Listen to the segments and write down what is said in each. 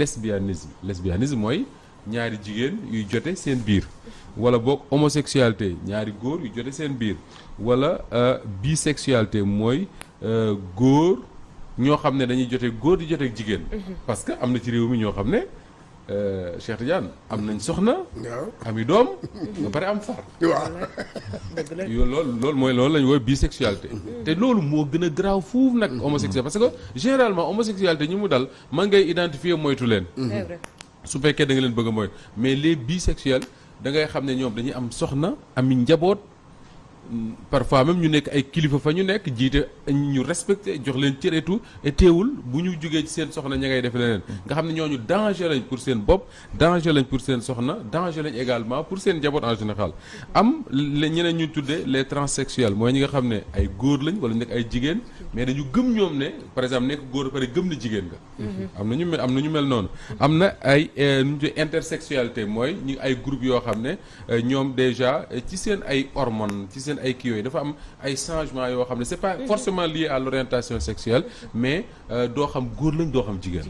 lesbianisme lesbianisme mooy ñaari jigéen yuy jote seen biir wala boog homosexualité ñaari góor yu jote seen biir wala euh, bisexualité mooy euh, góor ñoo xam ne dañuy jote góor di jote jigéen mm-hmm. parce am na ci réew mi ñoo xam ne Euh, Cheikh Tidiane am nañ mm-hmm. soxna. waaw ami doom. ba pare am far. waaw dëgg la loolu loolu mooy loolu la ñu woowee bisexualité. Mm-hmm. te loolu moo gën a garaaw fuuf nag. Mm-hmm. homosexuel parce que généralement homosexualité ñi mu dal man ngay identifier moytu leen. su fekkee da leen bëgg a moytu mais les bisexuels da ngay xam ne ñoom dañuy am soxna ami njaboot. parfois même ñu nek ay kilifa fa ñu nek jité ñu respecté jox leen et tout et téwul bu ñu juggé ci seen soxna pour seen bop danger lañ pour seen soxna danger également pour seen en général am ñeneen ñu tuddé les transsexuels moy nga xamné ay lañ wala mais ne par exemple gëm mhm. na ñu ñu mel ay euh, intersexualité euh, déjà ci seen ay kii yooyu dafa am ay changement yo xamné c'est pas mhm. forcément lié à l'orientation sexuelle mais euh, do xam goor lañ do xam jigen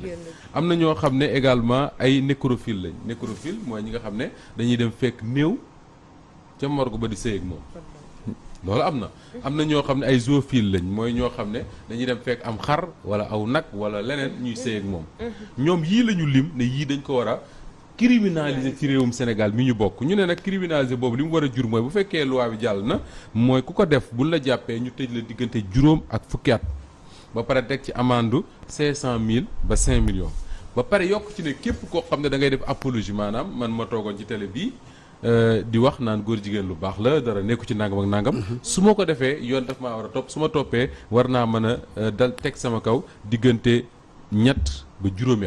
amna ño xamné également ay nécrophile lañ nécrophile moy ñi nga xamné dañuy dem fekk new ci morgu ba di sey ak mom lolu amna amna ño xamné ay zoophile lañ moy ño xamné dañuy dem fekk am xar wala aw nak wala leneen ñuy sey ak mom mhm. ñom yi la lim né yi dañ ko wara criminaliser ci réewum Sénégal bi ñu bokk ñu ne nag criminaliser boobu li mu war a jur mooy bu fekkee loi bi jàll na mooy ku ko def buñ la jàppee ñu tëj la diggante juróom ak fukki at ba pare teg ci amende 500000 ba 5 millions ba pare yokk ci ne képp koo xam ne da ngay def apologie maanaam man ma toogoon ci télé bii euh, di wax naan góor jigéen lu baax la dara nekku ci nangam ak nangam. Mm-hmm. su ma ko defee yoon dafa maa war a topp su ma toppee war naa mën a euh, dal teg sama kaw diggante ñett juróomi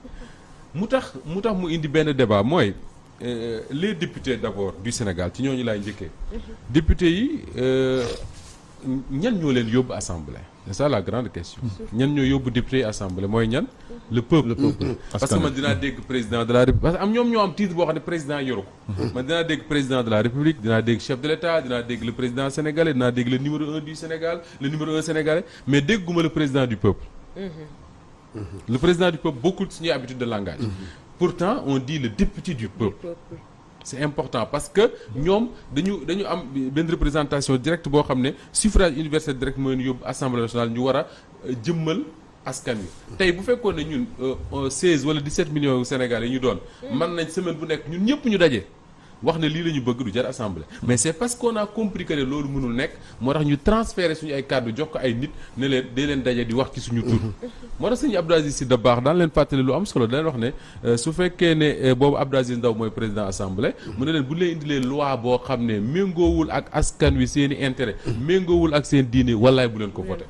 mu tax mu indi ben débat moi euh, les députés d'abord du Sénégal ci ñooñu lay njëkkee. Mhm. députés yi euh, ñan ñoo leen assemblée. c'est ça la grande question. Mhm. ñan ñoo yob député assemblée moy ñan. Mhm. le peuple le peuple. Mm-hmm. parce que man dina mm-hmm. dégg président de la république parce que am ñom ñoo am titre bo xam président yoru ko. man dina dégg président de la république dina dégg chef de l'état dina dégg le président sénégalais dina dégg le numéro un du Sénégal le numéro un sénégalais mais dégguma le président du peuple. Le président du peuple, beaucoup de signes habitudes de langage. Pourtant, on dit le député du peuple. C'est important parce que nous avons une représentation directe, suffrage universel direct, l'Assemblée nationale, nous avons euh, askan yi tay bu fekkone ñun 16 euh, wala 17 millions de Sénégalais yi ñu doon. man mm. nañ semaine bu ñun wax ne lii la ñu bëgg du jar assemblée mais c'est parce qu'on a compris que ne loolu mënul nekk moo tax ñu transféré suñu ay kàddu jox ko ay nit ne leen dee leen daje di wax ci suñu tur moo tax sëñ Abdou Aziz Sy Dabakh daan leen fàttali lu am solo daan wax ne euh, su fekkee ne euh, boobu Abdou Aziz Ndaw mooy président assemblée mu ne leen bu leen indilee loi boo xam ne méngoowul ak askan wi seen i intérêt méngoowul ak seen diine wallaay bu leen ko voté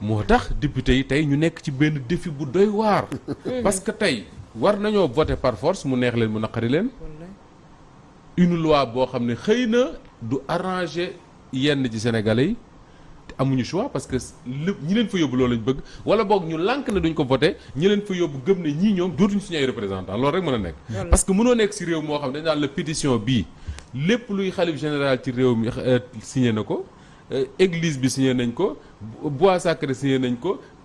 moo tax député yi tey ñu nekk ci benn défi bu doy waar parce que tey war nañoo voté par force mu neex leen mu naqari leen une loi qui xamné ne du arranger yenn sénégalais à mon choix parce que ñi leen fa yóbbu loolu lañ bëgg wala bok ñu na duñ ko ñi leen fa dootuñ représentant rek parce que mëno nekk réew la pétition bi lépp luy général ci réew mi euh, signé euh, église bi signé nañ ko bois sacré signé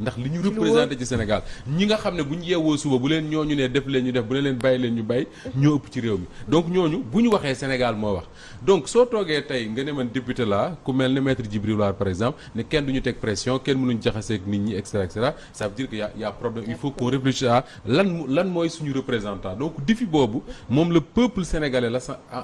ndax li ñu représenté ci Sénégal ñi nga xamné buñu yéwo ñu suba bu len ñoñu né def leen def bu len leen bàyyi leen ñu bàyyi ñoo ëpp ci réew mi donc ñoñu buñu waxé Sénégal mo wax donc so togué tay nga né man député laa ku melni maître Djibril War par exemple né kenn duñu tek pression kenn mënuñ ak nit ñi etc etc ça veut dire que y a y a problème il faut qu'on réfléchisse à lan lan moy suñu représentant donc défi bobu mom le peuple sénégalais la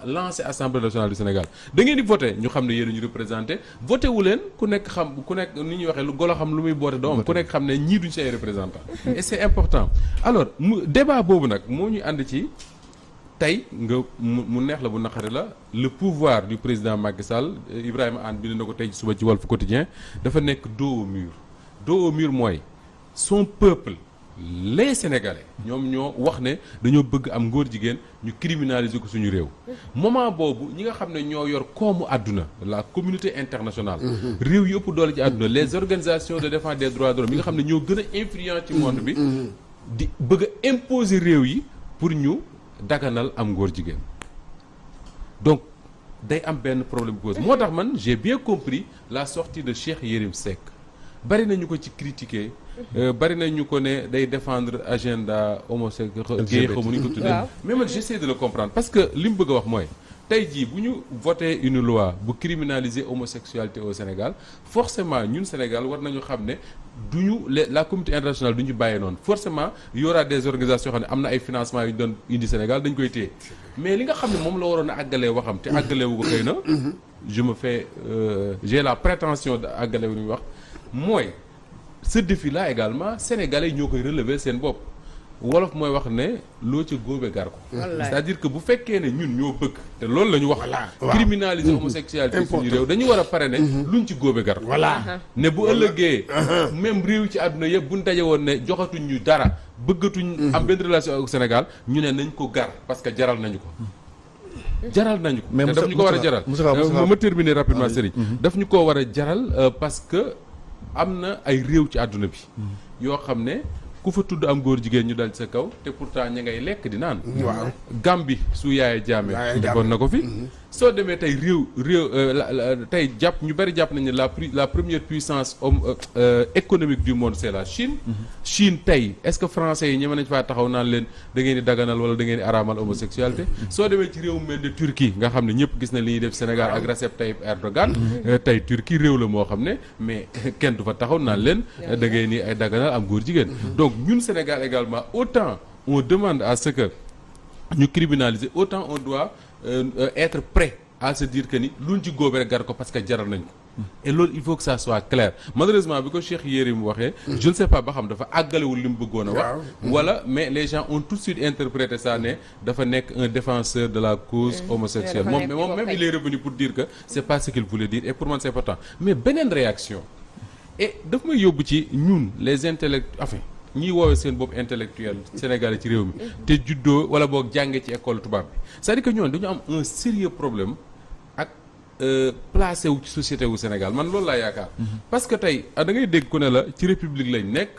lancé assemblée nationale du Sénégal da ngeen di voter ñu xamné ne ñu représenter voter wu len ku nek xam ku nek ñi waxé lu golo xam lu muy boté doom ku nekk nekk xam ne duñ ci ay représentants et c'est important alors débat bobu nak mo ñu and ci tay nga mu neex la bu naqari la le pouvoir du président Macky Sall euh, Ibrahim Anne bind nako tay ci suba ci Walf Quotidien dafa nek do au mur do au mur moy son peuple les sénégalais ñoom ñoo wax ne dañoo bëgg am ngóor jigéen ñu criminaliser ko suñu réew moment boobu ñi nga xam ne nous avons koomu Aduna, la communauté internationale mm-hmm. réew yu ëpp ci les organisations de défense des droits de l'homme yi nga xam ne ñoo influents influent ci monde bi mm-hmm. di bëgg imposer réew pour ñu daganal am ngóor jigéen donc day am a problème bu problème. man j'ai bien compris la sortie de Cheikh Yérim Seck bari nañu ko ci critiquer mhm. euh, bari nañu ko né day défendre agenda homosexuel gay xamu ni ko mais j'essaie de le comprendre parce que lim mu bëgg wax moy tey jii bu une loi bu criminaliser homosexualité au Sénégal forcément ñun Sénégal war nañu xamné duñu du la communauté internationale duñu bayé non Forcément forcément y aura des organisations xamné amna ay financements yu doon indi Sénégal dañ koy téye mais li nga xamné mom la waroon agalé waxam té agalé wu ko xëy mhm. je me fais euh, j'ai la prétention de wu wax moi, ce défi là également sénégalais ñoo relever sen bop wolof moy wax né lo mmh. mmh. ci góobe gar ko c'est-à-dire uh-huh. que bu féké ne ñun ñoo bëgg té loolu lañu criminaliser homosexualité ci réew dañu wara a né luñ ci gar voilà bu uh-huh. même réew ci aduna yëpp buñ joxatuñ ñu dara bëggatuñ mmh. am ben relation au Sénégal ñu né nañ ko gar parce que jaral nañu ko jaral nañu ko mais vais ko jaral terminer rapidement Serigne ko euh, parce que am na ay réew ci àdduna bi. yoo xam ne ku fa tudd am góor jigéen ñu dal ci sa kaw te pourtant ña ngay lekk di naan. waaw bi su yaayee jaame. defoon na ko fi. Mm-hmm. soo demee tay réew réew euh, tay japp ñu bari japp nañ la la première puissance euh, euh, économique du monde c'est la Chine. Mhm. Chine tay est-ce que français yi ñeme nañ faa taxaw naan leen da ngeen di daganal wala da ngeen di araamal homosexualité. Mhm. soo demee ci réew mel de Turquie nga xam ñëpp gis na li ñi def Sénégal ak Recep Tayyip Erdogan. Mhm. tay Turquie réew la mo xam mais kenn du fa taxaw naan leen da ngeen di ay daganal am góor jigéen. donc ñun Sénégal également autant on demande à ce que ñu criminaliser autant on doit. Euh, euh, être prêt à se dire que ni luñ ci garde gar parce que jaral et il faut que ça soit clair malheureusement Cheikh mm. je ne sais pas ba xam dafa ou voilà mm. mais les gens ont tout de suite interprété ça ne dafa un défenseur de la cause mm. homosexuelle moi même il est revenu pour dire que c'est pas ce qu'il voulait dire et pour moi c'est important mais une réaction et donc may yóbbu ci ñun les intellectuels enfin ñiy woowee seen bopp intellectuel sénégalais ci réew mi mhm. te juddoo wala bok jàngé ci école tubaab bi c'est-à-dire que ñoon dañu am un sérieux problème ak euh, placé wu ci société wu Sénégal man loolu la yaakaar mhm. parce que tay ah, da ngay dégg ku ne la ci république lañ nekk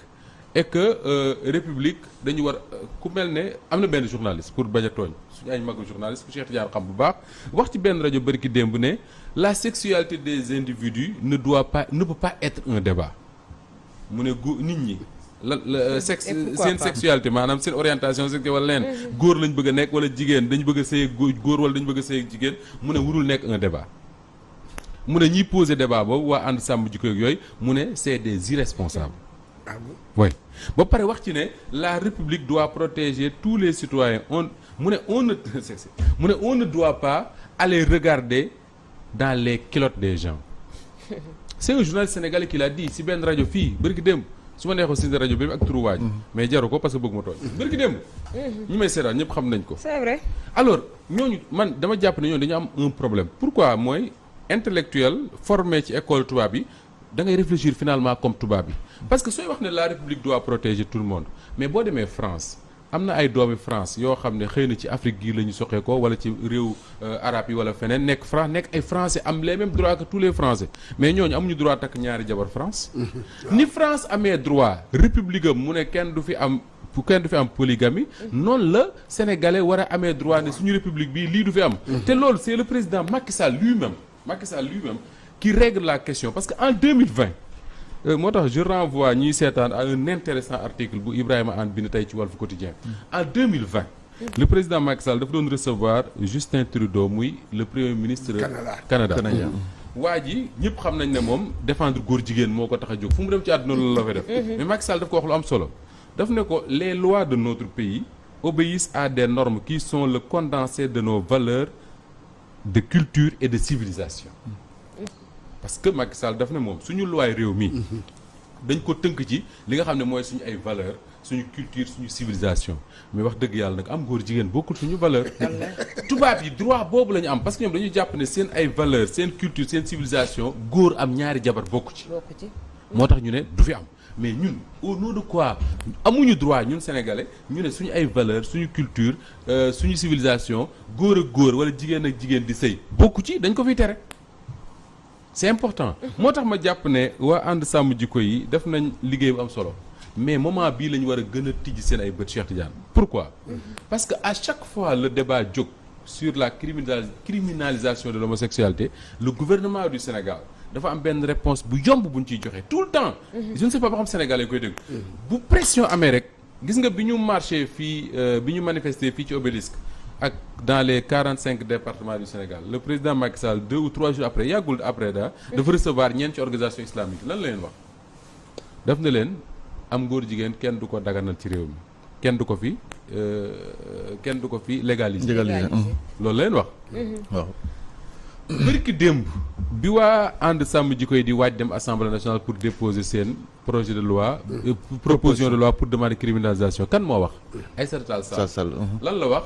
et que euh, république dañu war euh, ku mel ne am na benn journaliste pour bañ a tooñ suñu ay magu journaliste Cheikh tidiar xam bu baax wax ci benn rajo bërki démb ne la sexualité des individus ne doit pas ne peut pas être un débat mu ne nit ñi la euh, sexe euh, sexualité c'est une orientation sexuelle wala leen góor bëgg a nekk wala jigéen dañ bëgg a été góor wala dañ bëgg a sëy jigéen mu ne un débat mu ne poser débat boobu waa c'est des irresponsables ah oui wax ci la république doit protéger tous les citoyens on ne on ne on ne doit pas aller regarder dans les culottes des gens c'est un journal sénégalais qui l'a dit si benn rajo fii su ma neexoon cité rajo bi ak turu waaj mhm. mais jaru ko parce que bëgguma ma tooñ mhm. bërki démb mhm. ñi may seetaan ñëpp xam nañ ko c'est vrai alors ñooñu man dama jàpp ne ñooñu dañu am un problème pourquoi mooy intellectuel formé ci école tubaab bi da ngay réfléchir finalement comme tubaab bi parce que sooy wax ne la république doit protéger tout le monde mais boo demee France amna ay doomi France Yo, xamné xeyna ci Afrique gii lañu soxé ko wala ci réew euh, arabe yi wala fenen Nek France n'ek ay français am les mêmes droits que tous les français mais ñoñ amuñu droit tak ñaari jabar France. ni France amé droit république am mu né kenn du fi am. pour kenn du fi am polygamie non le sénégalais war mes droits droit ne suñu république bi du fi am mm-hmm. te c'est le président Macky Sall lui-même Macky Sall lui-même qui règle la question parce qu'en 2020 euh, je renvoie à un intéressant article pour Ibrahim Anne bind Quotidien en 2020 le président Macky Sall recevoir Justin Trudeau le premier ministre Canada canadien Il xam nañ défendre le jigen a fu mhm. mais Macky Sall daf ko les lois de notre pays obéissent à des normes qui sont le condensé de nos valeurs de culture et de civilisation parce que Macky Sall daf ne mom suñu loi réew mi. dañ ko teunk ci li nga moy suñu ay valeurs suñu culture suñu civilisation mais wax am valeur droit parce que ñom dañu valeurs, ne seen ay valeurs seen culture seen civilisation goor am ñaari jabar bokku ci mais ñun au nom de quoi amuñu droit ñun sénégalais suñu ay valeurs suñu culture euh, suñu civilisation goor ak goor wala jigen ak jigen di bokku ci dañ c'est important Moi, ma japp né wa un yi def nañ bu am solo mais moment bi lañ a sen ay Cheikh pourquoi parce que à chaque fois le débat sur la criminalisation de l'homosexualité le gouvernement du Sénégal dafa am réponse bu tout le temps mhm. je ne sais pas ba Sénégal mhm. bu pression amee rek gis nga biñu marché fi euh, biñu dans les 45 départements du Sénégal le président Macky Sall deux ou trois jours après yàggul après daa de recevoir une ci organisation islamique lan la leen wax daf na leen am góor jigéen kenn du ko daganal ci réew mi kenn du ko fi euh, kenn du ko fi légaliser hum. loolu la leen wax mm-hmm. waaw bërki démb bi waa ànd il ji di waaj dem assemblée nationale pour déposer sen projet de loi euh, euh, proposition de loi pour demander criminalisation kan mo wax Aïssata Tall Sall hum. lan la wax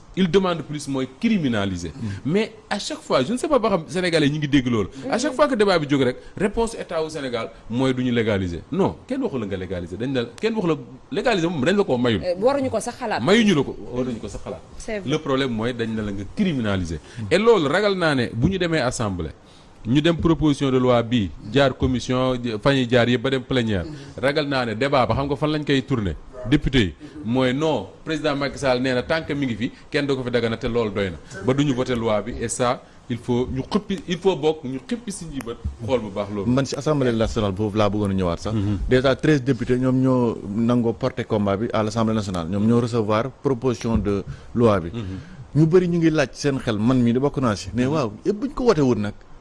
il demande plus moi criminaliser. mais à chaque fois je ne sais pas ba sénégalais ñi ngi dégg loolu. à chaque fois que débat bi jog rek réponse état au Sénégal moy duñu légaliser non kenn waxul nga légaliser dañ dal kenn waxul légaliser mom dañ la koo mayul. Eh, waruñu ko sax xalaat mayuñu lako waruñu ko sax xalaat. le problème moy dañ la nga criminaliser. et loolu ragal naa ne bu ñu assemblée. ñu dem proposition de loi bi jaar commission fan yi jaar yëpp ba dem plénière ragal naa ne débat ba xam nga fan lañ koy tourner député yi mooy non président Macky Sall nee na tant que mi ngi fi kenn du ko fi dagana te loolu doy na ba duñu voté loi bi et ça il faut ñu xëppi il faut bokk ñu xëppi si njibat xool bu baax loolu man si assemblée nationale boobu laa bëggoon ñëwaat sax mhm. déjà treize députés ñoom ñoo nangoo porté combat bi à l' assemblée nationale ñoom ñoo recevoir proposition de loi bi mhm. ñu bëri ñu ngi laaj seen xel man mii da bokk naa si mais waaw yëpp bu ñu ko wote woon nag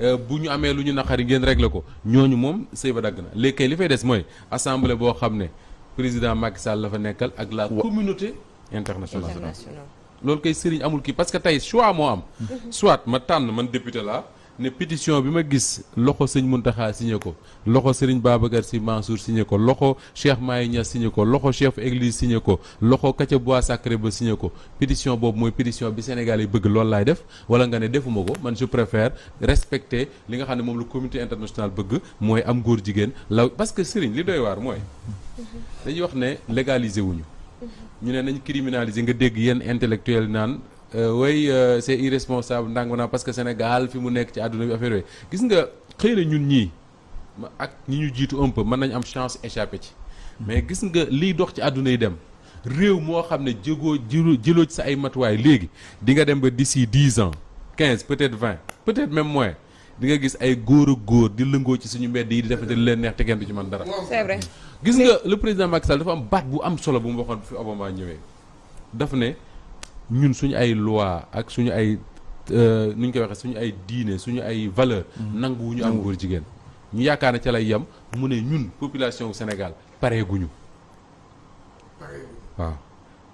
Euh, bu ñu amee lu ñu naqari ngeen regle ko ñooñu moom sëy ba dagg na léegi li fay des mooy assemblée boo xam ne président Macky Sall la fa nekkal ak la communauté internationale loolu koy sëriñ amul kii parce que tey soit moo am mhm. soit ma tànn man député laa ne pétition bi ma gis loxo sëñ Muntaxa signé ko loxo sëriñ Babacar Sy Mansour signé ko loxo Cheikh Maye Niass signé ko loxo chef église signé ko loxo kaca bois sacré ba signé ko pétition boobu mooy pétition bi Sénégal yi bëgg loolu laay def wala nga ne defuma ko man je préfère respecter li nga xam ne moom lu communauté internationale bëgg mooy am góor jigéen law parce que sëriñ li doy waar mooy dañuy wax ne légaliser wuñu mhm. ñu ne nañ criminaliser nga dégg yenn intellectuel naan way euh, euh, c'est irresponsable ndangu parce que Sénégal fi mu nek ci aduna bi affaire yooyu gis nga xëy ñun ñi ak ñi ñu jitu un peu mën nañ am chance échapper ci mais gis nga li dox ci aduna yi dem réew mo xamné ne jégoo ci sa ay matuwaay léegi di nga dem ba d'ici 10 ans 15 peut-être 20 peut-être même moins di nga gis ay goor goor di lengo ci suñu mbedd yi di defante leen neex te kenn du ci man dara. c'est vrai gis nga le président Macky Sall dafa am bat bu am solo bu mu waxon fi Obama ñëwé daf né ñun suñu ay loi ak suñu ay euh ñu koy waxe suñu ay diiné suñu ay valeur mhm. nanguwu wuñu am góor jigéen ñu yaakaar ne ca lay yam mu ne ñun population Sénégal paré guñu waaw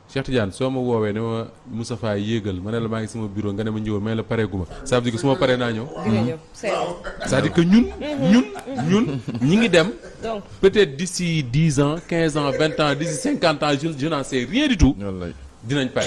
Cheikh Tidiane soo ma woowee ne ma Moustapha yéegal ma ne la maa ngi sama bureau nga ne ma ñëw mais la paré guma ça veut dire que su ma paree ñëw hmm? ça veut dire que ñun mhm. ñun ñun ñi ngi dem peut-être d'ici 10 ans 15 ans 20 ans d'ici 50 ans je je n'en sais rien du tout dinañ pare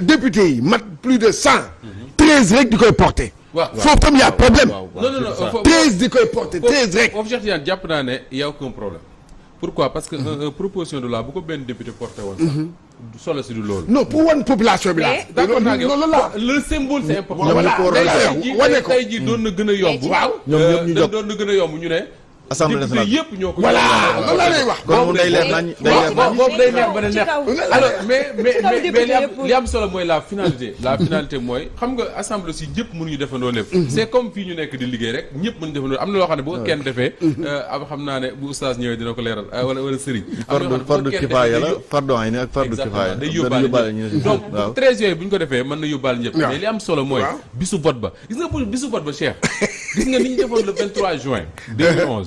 député, mat, plus de 100, 13 règles du corps porté. Faut comme il y a un problème. Non, non, non. 13 du corps porté, 13 règles. Objectif, il y a il n'y a aucun problème. Pourquoi Parce que la euh, euh, proposition de là, beaucoup de députés portent. Non, pour une population. Le symbole, c'est important. Voilà, voilà. Le symbole, c'est important. assemblée nationale yëpp ñoo ko. voilà loolu la mais mais solo mooy la finalité. la finalité mooy xam nga assemblée aussi ñëpp mënuñu defandoo lépp. Mhm. c'est comme fii di liggéey rek ñëpp mënuñu defandoo loo xam ne bu ko kenn defee. Mhm. Euh, am naa ne bu oustaz ko leeral euh, wala wala sëriñ. am na yoo xam ne ko defee mën na yóbbaale ñëpp. mais li am solo mooy bisu vote ba gis nga bisu vote ba Cheikh gis nga ni ñu defoon le juin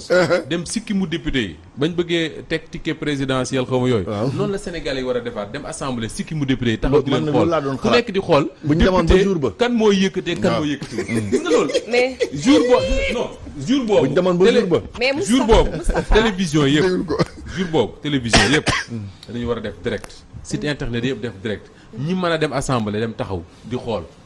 Uh-huh. dem sikki député yi bañ bëggee ticket présidentiel xaw ma yooyu la sénégalais yi war dem assemblée vous député yi taxaw di leen xool ku di jour kan mm. mais jour non jour boobu buñ demoon jour jour télévision yëpp jour télévision yëpp mm. dañu direct site internet yëpp direct ñi dem assemblée dem taxaw di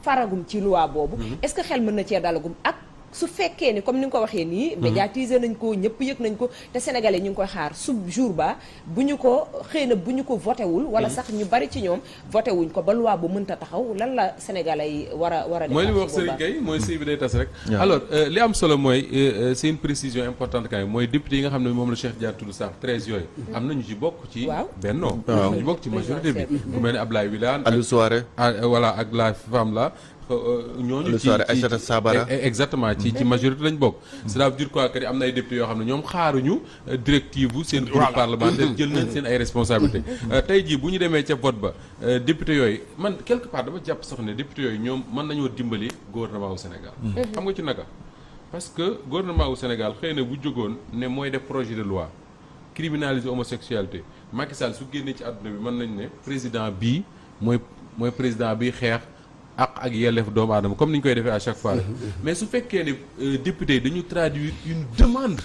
faragum ci loi boobu. Mhm. est-ce que xel mën na cee dalagum ak. su fekkee ne comme ni nga ko waxee nii mhm. médiatiser nañ ko ñëpp yëg nañ ko te sénégalais ñu ngi koy xaar su jour ba bu ñu ko xëy na bu ñu ko voté wul wala mhm. sax ñu bari ci ñoom voté wuñ ko ba loi bu mënta taxaw lan la sénégalais yi war a war a mooy li wax Serigne Gueye mooy sëy bi day tas rek alors euh, li am solo mooy euh, euh, c'est une précision importante quand même mooy député yi nga xam ne moom la Cheikh Diagne tudd sax treize yooyu mhm. am nañu ci bokk ci benno ñu ci bokk ci majorité bi bu mel ne Ablaye Wilane Aliou Souaré ah, voilà ak la Euh, euh, ñooñu ci Aïssata Sabara e-, e-, exactement ci ci mm-hmm. majorité lañ bokk cela veut dire quoi am na ay députés yoo xam ne ñoom xaaruñu euh, directive bu seen groupe parlementaire jël nañ seen ay responsabilité mm-hmm. tey jii bu ñu demee ca vote ba député yooyu man quelque part dama jàpp sax ne député yooyu ñoom mën nañoo dimbali gouvernement au Sénégal mm-hmm. am nga ci naka parce que gouvernement au Sénégal xëy na bu jógoon ne mooy def projet de loi criminaliser homosexualité Macky Sall su génnee ci àdduna bi mën nañ ne président bii mooy mooy président bi xeex ak yelef comme ni koy à chaque fois ce mais su que ne euh, député nous traduire une demande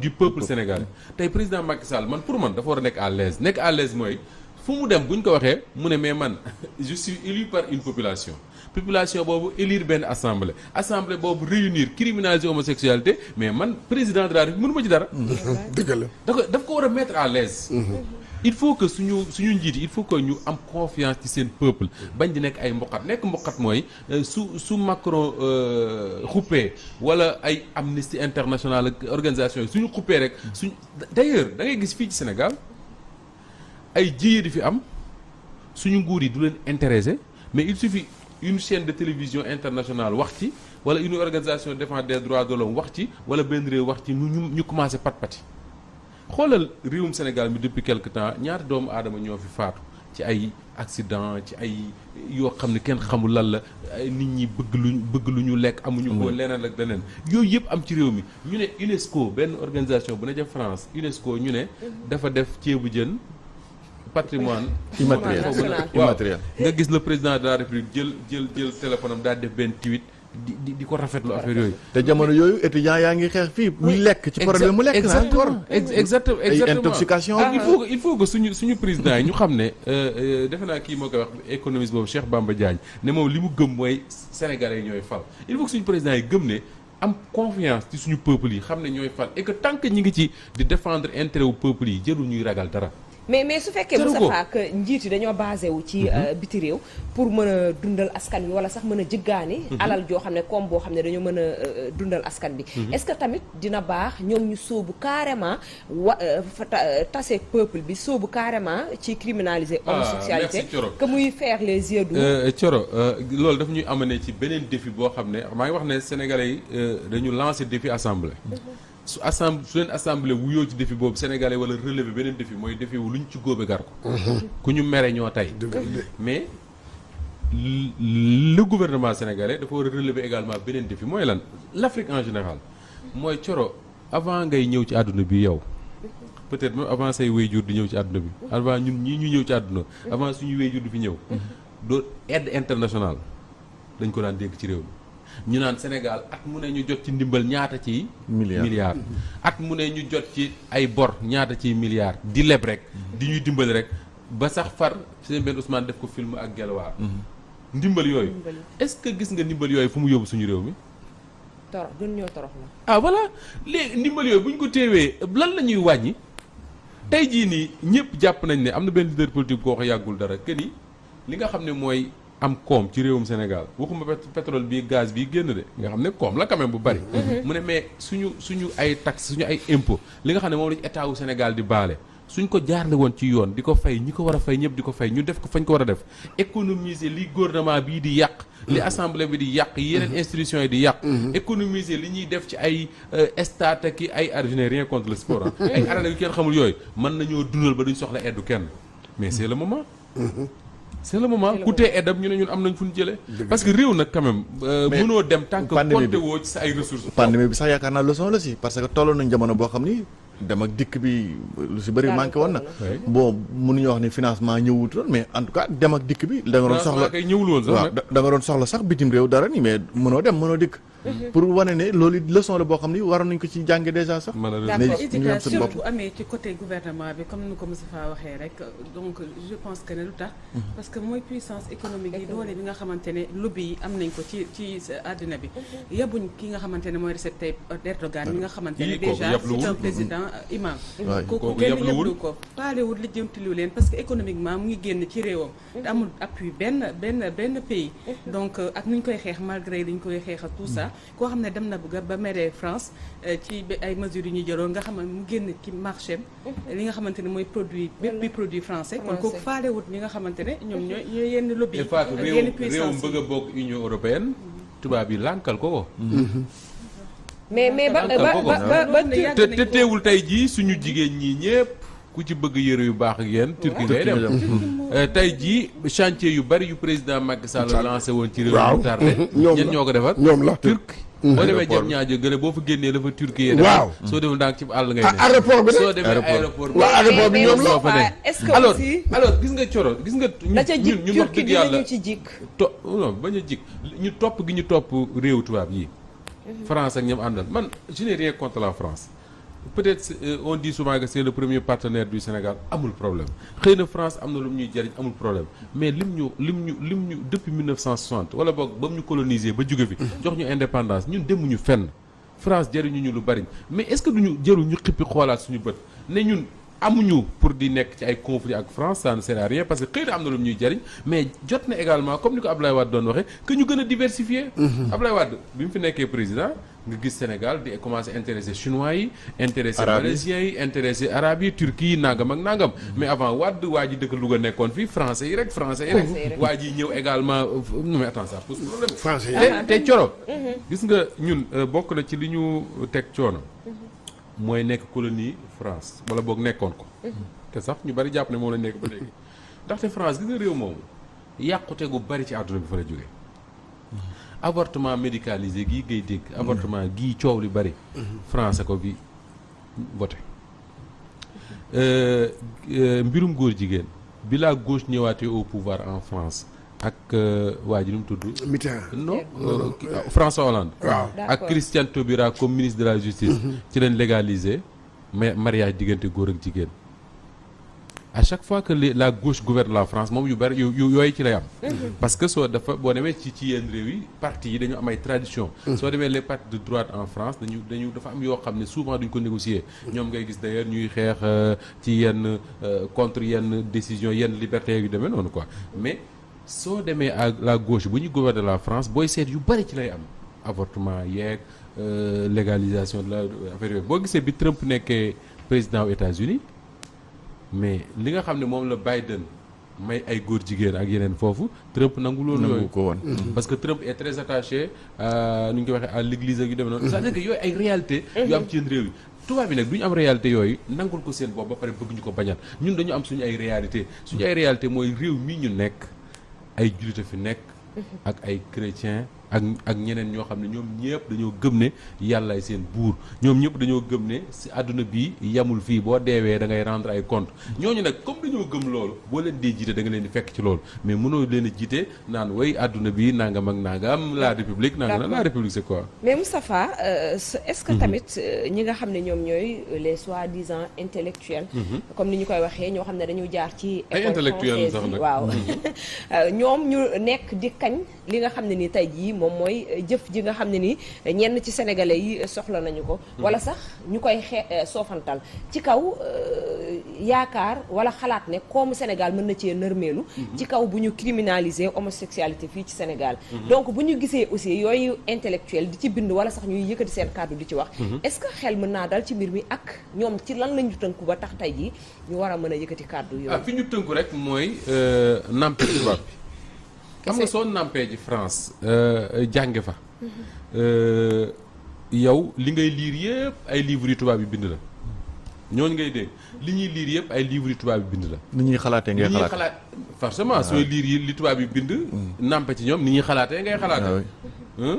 du peuple sénégalais tay président Macky Sall man pour man dafa wara nek à l'aise Nek à l'aise moi fu mu dem buñ ko waxé mais man je suis élu par une population population et élire une assemblée assemblée bobu réunir criminaliser homosexualité mais man président de la République il ma ci dara dëgg mettre à l'aise mhm il faut que nous suñu il faut que nous am confiance ci sen peuple bañ di ay euh, su su Macron euh, wala ay Amnesty International organisation suñu rek d'ailleurs da ngay gis fi Sénégal ay di am suñu nguur du mais il suffit une chaîne de télévision internationale wax ci wala une organisation défense des droits de l'homme wax ci wala nous réew wax ci ñu xoolal réewum Sénégal mi depuis quelque temps ñaata doomu aadama ñoo fi faatu ci ay accident ci ay yoo xam ne kenn xamul lan la nit ñi bëgg lu bëgg lu ñu lekk amuñu ko leneen ak leneen yooyu yëpp am ci réew mi ñu ne UNESCO benn organisation bu ne ca France UNESCO ñu ne dafa def ceebu jën patrimoine immatériel immatériel nga gis le président de la république jël jël jël téléphone am daal def benn tweet di di di ko rafetlu affaire yooyu. te jamono yooyu étudiant yaa ngi xeex fii. muy lekk ci problème mu lekk. exactement exactement ay intoxication. Ah, il faut que suñu suñu président yi ñu xam ne euh, euh, defe naa kii moo koy wax économiste boobu Cheikh Bamba Diagne ne moom li mu gëm mooy sénégalais ñooy fal il faut que suñu président yi gëm ne. am confiance ci suñu peuple yi xam ne ñooy fal et que tant que ñi ngi ci di défendre intérêt wu yi jërul ñuy ragal dara mais mais su fekkee Moustapha que njiit yi dañoo basé wu ci mhm. euh, biti réew pour mën a dundal askan bi wala sax mën a jëggaani mhm. alal joo xam ne koom boo xam ne dañoo mën a euh, euh, dundal askan bi mhm. est-ce que tamit dina baax ñoom ñu sóobu carrément wa tase peuple bi sóobu carrément ci criminaliser ah, homosexualité que muy faire les yeux doux Thioro loolu daf ñuy amener ci beneen défi boo xam ne maa ngi wax ne sénégalais yi dañu lancer défi assemblée su assemblée su leen assemblée wuyoo ci defi boobu sénégalais wala relevé beneen défi mooy défi wu ñu ci góobe gar ko. Mhm. ku ñu mere ñoo tey. mais le gouvernement sénégalais dafa war a relever également beneen défi mooy lan l' en général. mooy coro avant ngay ñëw ci àdduna bi yow. peut-être même avant say waajur di ñëw ci àdduna bi avant ñun ñii ñu ñëw ci àdduna avant suñu waajur di fi ñëw. Mhm. doo aide international dañ ko daan dégg ci réew mi. ñu naan Sénégal at mu ne ñu jot ci ndimbal ñaata ci milliards at mu ne ñu jot ci ay bor ñaata ciy milliards di leb rek di ñuy dimbali rek ba sax far seen benn Ousmane def ko film ak Gelwaar mm-hmm. ndimbal yooyu est-ce que gis nga ndimbal yooyu fu mu yóbbu suñu réew mi torox ñun ñoo torox la ah voilà léegi ndimbal yooyu bu ñu ko téewee lan la ñuy wàññi tey jii nii ñëpp jàpp nañ ne am na benn leader politique koo wax yàggul dara que li nga xam ne mooy am koom ci réewum Sénégal waxuma pétrole bi gaz bi génn de nga xam ne koom la quand même bu bari mhm. mu ne mais suñu suñu ay taxe suñu ay impôt li nga xam ne moom la ci état wu Sénégal di baale suñ ko jaarle woon ci yoon di ko fay ñi ko war a fay ñëpp di ko fay ñu def ko fañ ko war a def économiser li gouvernement bii di yàq mhm. li assemblée bi di yàq yeneen mhm. institutions yi di yàq économiser li ñuy def ci ay état euh, ak ay argine rien contre le sport xamul yooyu mën nañoo dundal ba duñ soxla eddu kenn mais c'est le moment c'est moment ku tee edam ñu ne ñun am nañ fu ñu jëlee. parce que réew nag quand même. Euh, dem tant que woo ci sa ay ressources. pandémie bi sax yaakaar naa leçon la parce que tolloon nañ jamono boo xam ni. dem ak dikk bi lu si bëri manqué woon na. bon mënuñu wax ni financement ñëwut woon mais en tout cas dem ak dikk bi. da nga doon soxla waaw da nga doon soxla sax bitim réew dara ni mais mënoo dem manoo dikk. Mhm. pour wane ne loolu leçon la boo xam ni waroon nañ ko ci jànge déjà sax. malheureusement ñu am seen bopp bu amee ci côté gouvernement bi comme ni ko Moustapha waxee rek mhm. parce que mooy puissance économique yi doole nga xamante ne lobby yi am ko ci ci àddina bi. yabuñ ki nga xamante ne mooy Recep Tayyip Erdogan mi nga xamante ne déjà c'est un président Euh, imam kooku kenn yëblu ko faalewul lijjantilu leen parce que économiquement mu ngi ci réewam te mhm. amul appui ben ben ben pays mhm. donc euh, ak niñ koy xex malgré liñ koy xex tout ça mhm. ko xamné dem na bëgg ba meree France euh, ci ay mesures yu ñu jëro nga xamné ne mu génn ci marché li nga xamantene moy produit bepp bi produit français kon kooku faalewut ñi nga xamantene ñom ñoy ñooy yenn lobby yenn puissance réewum bëgg bok Union européenne tuba bi lankal ko ko mais mais ba te teewul tey jii suñu jigéen ñi ñëpp ku ci bëgg yëre yu baax ak yéen turki ngay dem euh, tey jii chantier yu bari yu président Macky Sall lancé woon ci réew mi tardé ñen ñoo ko defar ñoom la turk boo demee jëm ñaajo gën a boo fa génnee dafa turki yéen waaw soo deful daanaka ci àll ngay ah, ne aéroport bi soo demee aéroport bi waaw aéroport bi ñoom la fa ne alors alors gis nga coro gis nga ñun ñun wax dëgg yàlla to non bañ a jik ñu topp gi ñu topp réew tubaab yi France ak man je n'ai rien contre la France peut-être qu'on euh, on dit souvent que c'est le premier partenaire du Sénégal amul problème xëy France am na lu amul problème mais depuis 1960 wala a ba colonisé, ñu coloniser ba jóge fi jox ñu indépendance ñun fenn France a ñu lu mais est-ce que nous avons ñu xippi suñu amuñu pour di nek ci ay conflit ak France ça ne sert à rien parce que xëy amna lu ñuy jariñ mais jotna également comme niko Ablaye Abdoulaye Wade doon waxee que ñu gëna diversifier. Mhm. Ablaye Wade bi mu fi nekkee président nga gis Sénégal di commencé intéresser chinois yi. intéresser malaisiens yi intéresser arabes yi turquie nangam ak nangam. Mhm. mais avant Wade waa ji dëkk Louga nekkoon fi français yi rek français yi rek. waa ji ñëw également non mais attends ça pose problème. français yi eh, te te ah, ah, ah. mhm. gis nga ñun euh, bokk na ci li ñu tek coono moy nek colonie France wala bok nekkoon ko. Mhm. te sax ñu bari japp ne mo la nek ba léegi ndaxte France gis nga réew mom yàqute gu bari ci àdduna bi fa la jógee. Mhm. avortement médicalisé gi ngay dégg. Mhm. avortement gi ciow li bari. France ko bi voté. Euh, euh mbirum goor jigen bi la gauche ñëwaatee au pouvoir en France ak euh, tudd. non euh, ah, François Hollande. ak Christian Taubira comme ministre de la justice. Mhm. ci l'a légaliser mais mariage diggante góor ak jigéen. à chaque fois que la gauche gouverne la France moom yu bari yu yooyu ci lay am. Mhm. parce que soo dafa boo demee ci ci yenn réew yi parti yi dañu am ay tradition. Mhm. soo demee les partis de droite en France dañu dañu dafa am yoo xam ne souvent duñ ko négocier. ñoom ngay gis d'ailleurs ñuy xeex euh, ci yenn contre yenn décision yenn liberté yu demee noonu quoi mais soo demee à la gauche bu ñu gouverner la France booy seet yu bari ci lay am avortement yeeg euh, légalisation de la euh, affaire yooyu boo gisee bi Trump nekkee président aux États-Unis mais li nga xam ne moom la Biden may ay góor jigéen ak yeneen foofu Trump nanguloon yooyu ko woon mm-hmm. parce que Trump est très attaché nu ñu koy waxee à l'église ak yu demee noonu mm-hmm. c'est-à-dire que yooyu ay réalité yu am ci yenn réew yi tubaab bi nag du am réalité yooyu nangul ko seen bopp ba pare bëgg ñu ko bañal ñun dañu am suñu ay réalité suñu ay réalité mooy réew mii ñu nekk ay jullit a fi nekk. Mhm. ak ay chrétiens. ak ak ñeneen ñoo xam ne ñoom ñëpp dañoo gëm ne yàllaay seen buur ñoom ñëpp dañoo gëm ne si àdduna bi yamul fii boo deewee da ngay rendre ay compte ñooñu nag comme dañoo gëm loolu boo leen dee jiite danga leen di fekk ci loolu mais mënoo leen a jiite naan way àdduna bi nangam ak nangam la république nangam la république c'est quoi mais Moustapha euh, est-ce mhm. tamit euh, ñi nga xam ne ñoom ñooy les soi-disant intellectuels mhm. comme ni ñu koy waxee ñoo xam ne dañu jaar ci ay intellectuels sax mhm. euh, ñu nekk di kañ xam ne ni moom mooy jëf ji nga xam ne ni ñenn ci sénégalais yi soxla nañu ko. Hmm. wala sax ñu koy xe eh, soofantal ci kaw euh, yaakaar wala xalaat ne koomu Sénégal mën na cee nërmeelu. Hmm. ci kaw bu ñu criminaliser homosexualité fii ci Sénégal. Hmm. donc bu ñu gisee aussi yooyu intellectuel di ci bind wala sax ñuy yëkkati seen kàddu di ci wax. est-ce que xel mën naa dal ci mbir mi ak ñoom ci lan lañu tënku ba tax tey jii ñu war a mën a yëkkati kàddu yooyu. ah fi ñu tënku rek mooy nampé tubaab bi. xam nga soo nampee ji France euh, euh, jànge fa mhm. euh, yow li ngay liir yëpp ay livres yu tubaab yi bind la ñooñu ngay dégg li ñuy liir yëpp ay livres yu tubaab yi bind la. ni ñuy xalaatee ngay xalaat xalaat forcément sooy ah. liir yi li tubaab yu bind. Mm. nampe ci ñoom ni ñuy xalaatee ngay xalaatee. Ah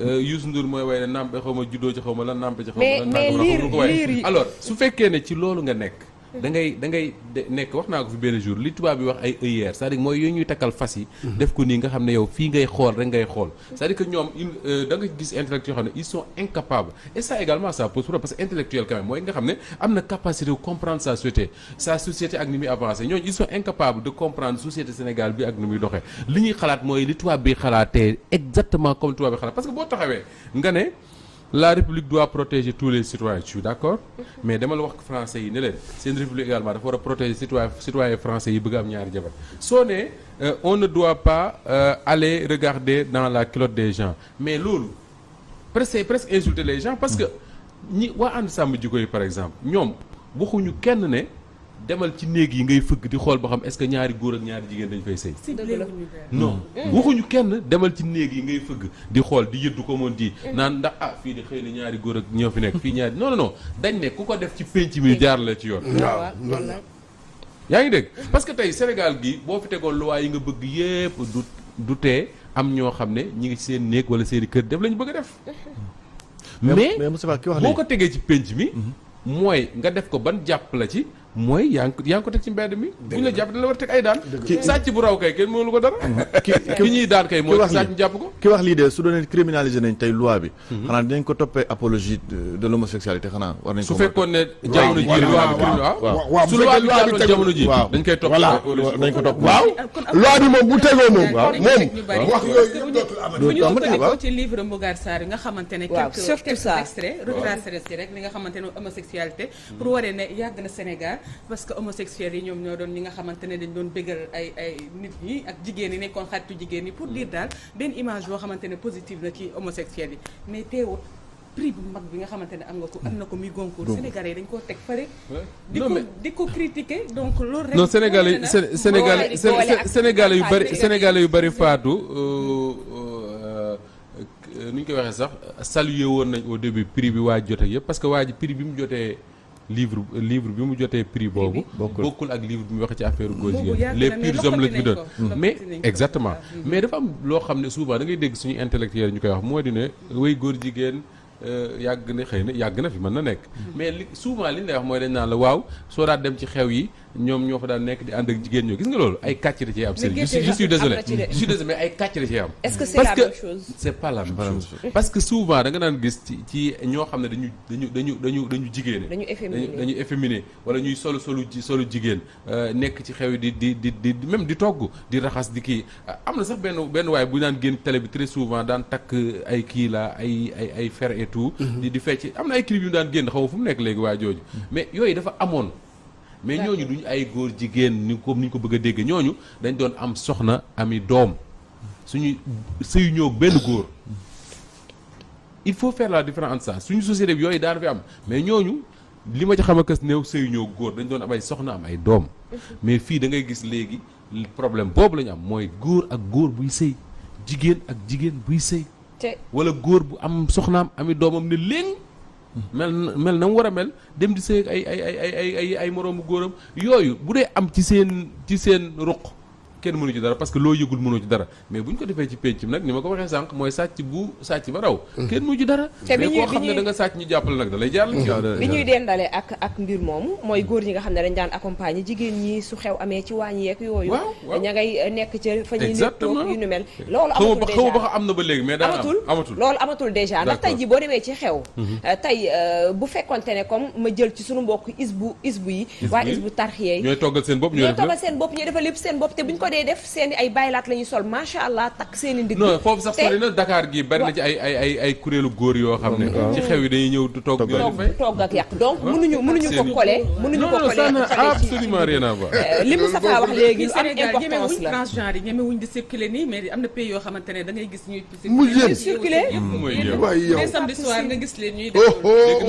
Youssou Ndour mooy way ne nampe xaw ma juddoo ci xaw ma la nampe ci xaw ma lan. mais liir liir yi alors su fekkee ne ci loolu nga nekk. dangay dangay nek ngay wax naa fi ben jour li tubaab bi wax ay œillères c'est-à-dire moy ñuy takkal fas yi mhm. def ko ni nga xam yow fi ngay xol rek ngay xol c'est-à-dire que ñom euh, da nga gis intellectuels ils sont incapables et ça également ça pose problème parce que intellectuel quand même moy nga xam ne capacité de comprendre sa société sa société ak ni mi avancer ñoo ils sont incapables de comprendre société Sénégal bi ak ni mi doxé li ñuy xalat moy li tubaab bi xalaté exactement comme tubaab bi xalaat parce que bo taxawé nga ne la république doit protéger tous les citoyens je suis d'accord mais demain le wax français c'est une république également il faut protéger les citoyens français yi veulent pas ñaari jabar euh, on ne doit pas euh, aller regarder dans la culotte des gens mais lourd, presque presque insulter les gens parce que ni Wa ànd sàmm par exemple ñoom beaucoup kenn ne demal ci néeg yi ngay fëgg di xool ba xam est-ce que ñaari góor ak ñaari jigéen dañ fay sëy mm. non mm. waxuñu kenn demal ci néeg yi ngay fëgg di xool di yëddu ko moon di naan ndax ah fii de xëy na ñaari góor ak ñoo fi nekk fii ñaari non non dañ ne ku ko def ci pénc mi jaar la ci yoon mm. yaa ngi dégg parce que tey Sénégal gi boo fi tegoon loi yi nga bëgg yépp du du tee am ñoo xam ne ñi ngi seen néeg wala seen i kër def la bëgg a def mais boo ko tegee ci pénc mi mm-hmm. mooy nga def ko ban jàpp la ci mooy yaa ngi yaa ngi ko teg ci mbedd mi. bu ñu la jàpp dañ la war a teg ay daan. sàcc bu raw kay kenn mënu ko dara. ki ñuy daan kay mooy jàpp ko. ki wax lii de su doonee criminalisé nañ tey loi bi. xanaa dinañ ko toppee apologie de l'homosexualité xanaa war nañ ko. su fekkoon ne jamono ji ji dañ koy topp. voilà dañ ko topp waaw. loi bi moom bu tegoo moom. waaw moom wax yooyu dootul amati. dootul amati waaw bu ñu ko ci livre Mbougar Sarr nga xamante ne. waaw surtout ça quelques extraits rek li nga xamante ne homosexualité pour waree ne yàgg na Sénégal parce que homosexuels yi ñoom ñoo doon ñi nga xamante ne dañ doon bëggal ay ay nit ñi ak jigéen ñi nekkoon xaritu jigéen ñi pour dire daal benn image boo xamante ne positive na ci homosexuels yi mais teewul prix bu mag bi nga xamante ne am nga ko am na ko muy concours sénégalais dañ koo teg fële di ko di ko critiquer donc loolu rek non sénégalais sénégalais yu bari sénégalais yu bari faatu euh, euh, euh, ni ñu ko waxee sax saluer woon nañ au début prix bi waa jotee yëpp parce que waa prix bi mu jotee livre livre bi mu joté prix bobu bokkul ak livre bi mu waxé ci affaire góor les purs hommes la ñu mais exactement ah, mais dafa am loo xam souvent da ngay dégg suñu intellectuel ñu koy wax modi né ne way góor jigéen euh, yàgg na xeyna na na fi mën na nek mm-hmm. mais souvent li ñu lay wax moy dañ na la waw so da dem ci xew yi ñom ñofa daan di and ak gis je suis désolé je désolé mais ay c'est parce que c'est pas la même chose. parce que souvent da nga daan gis ci ci ñoo xamne dañu dañu dañu dañu dañu dañu efféminé même di togg di raxas di ki amna sax ben bu télé très souvent daan les ay la ay ay et tout. Mhm. di di fecc des ay clip yu daan fu mhm. mais dafa mais ñoñu duñ ay Jigen, ni ko bëgg dégg dañ doon am soxna ami suñu il faut faire la différence entre ça suñu société bi nous fi am mais ñoñu li ma ci xam a neew néew ñoo dañ doon am soxna am mais da gis problème bobu lañ am moy goor ak goor buy ak wala bu am mel mel na mu war a mel dem di sëy ak ay ay ay ay ay ay moroomu góoram yooyu bu dee am ci seen ci seen ruq kenn mënu ci dara parce que loo yëgul mënu ci dara mais bu ñu ko defee ci penc mi nag ni ma ko waxee sànq mooy sàcc bu sàcc ba raw kenn mënu ci dara mais koo ñu jàppale nag ci mm-hmm. li góor ñi nga xam ne dañ daan accompagner jigéen ñi su xew amee ci waañ yeeg yooyu ña ngay eh, nekk ca fa ñuy nekk toog yu nu mel na ba léegi mais daa amatul amatul loolu amatul déjà ndax tey ji boo demee ci xew mm-hmm. eh, tey eh, bu ma jël ci suñu mbokk isbu isbu yi waa isbu tarxiye ñooy toggal seen bopp ñooy toggal seen bopp ñooy defal lépp seen bopp te buñ ko ko dee def la ñuy sol macha allah takk ah, seen i ndigg non yoo xam n'a absolument rien à voir euh, li Moustapha euh, wax léegi Sénégal ñemewuñ transgenre yi ñemewuñ di circuler nii mais am na pays yoo xamante ne da ngay gis ñuy circuler mm, mais samedi soir nga gis leen ñuy oh,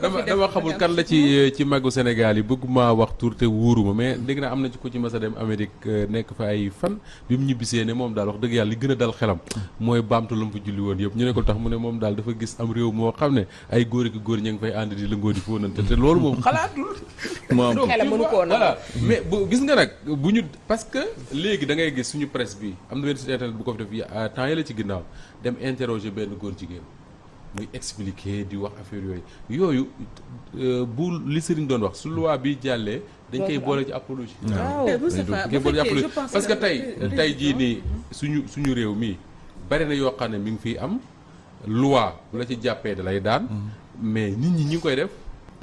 def oh, dama xamul kan la euh, ci magu Sénégal yi bëgguma wax tuur te wóoruma mais dégg naa am na ci ci mas a dem Amérique nekk fa ay fan bi mu ñibbisee ne moom daal wax dëgg yàlla li gën a dal xelam mooy baamtulam la mu fa julli woon yëpp ñu ne ko tax mu ne moom daal dafa gis am réew moo xam ne ay góor ak góor ña ngi fay ànd di lëngoo di fóonante te loolu moom xalaatul moom xelam mënu koo voilà mais bu gis nga nag bu ñu parce que léegi dangay gis suñu presse bi am na benn site internet bu ko fi def temps yi la ci ginnaaw dem interroger benn góor jigéen muy expliquer di wax affaire yooyu yooyu euh, bu li Serigne doon wax su loi bi jàllee dañ koy boole ci apologie ah, dañ boole ci apologie parce que tey tey jii nii suñu suñu réew mii bari na yoo xam ne mi ngi fiy am loi bu la ci jàppee dalay daan mm-hmm. mais nit ñi ñi ngi koy def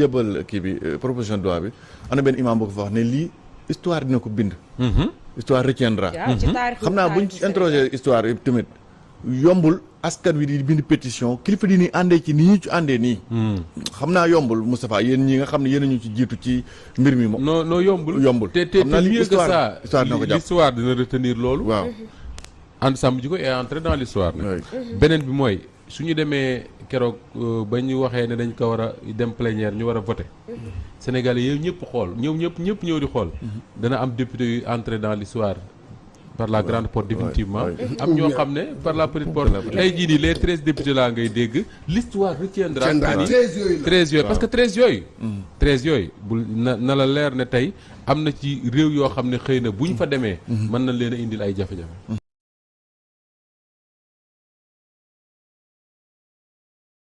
jébal kii bi euh, proposition de loi bi am na benn imam bu ko ne lii histoire dina ko bind. Mhm. histoire retiendra. Mhm. xam naa buñ ci interroger histoire yombul askan wi di bind pétition kilifa di ni àndee ci ni ñu ci àndee nii. Hmm. xam naa yombul Moustapha yéen ñi nga xam ne yéen ñu ci jiitu ci mbir mi moom. non non yombul yombul. te te te mieux que ça histoire dina histoire dina retenir loolu. waaw ànd mhm. sàmm ji ko est dans l'histoire beneen bi mooy su ñu demee. keroog euh, ba ñu waxee ne dañ ko wara a dem plénière ñu wara voter Sénégalais yooyu ñëpp xol ñëw ñëpp ñëpp ñëw di xol mhm. dana am député yu entré dans l'histoire par la grande porte définitivement am ñoo xamné par la petite porte tey jii les 13 députés laa ngay dégg l'histoire retiendra 13 yooyu parce que 13 yooyu 13 mm. yooyu bu na la leer né tay amna ci réew yo xamné xeyna buñ fa démé man mm-hmm. na leena indil ay jafé jafé mm-hmm.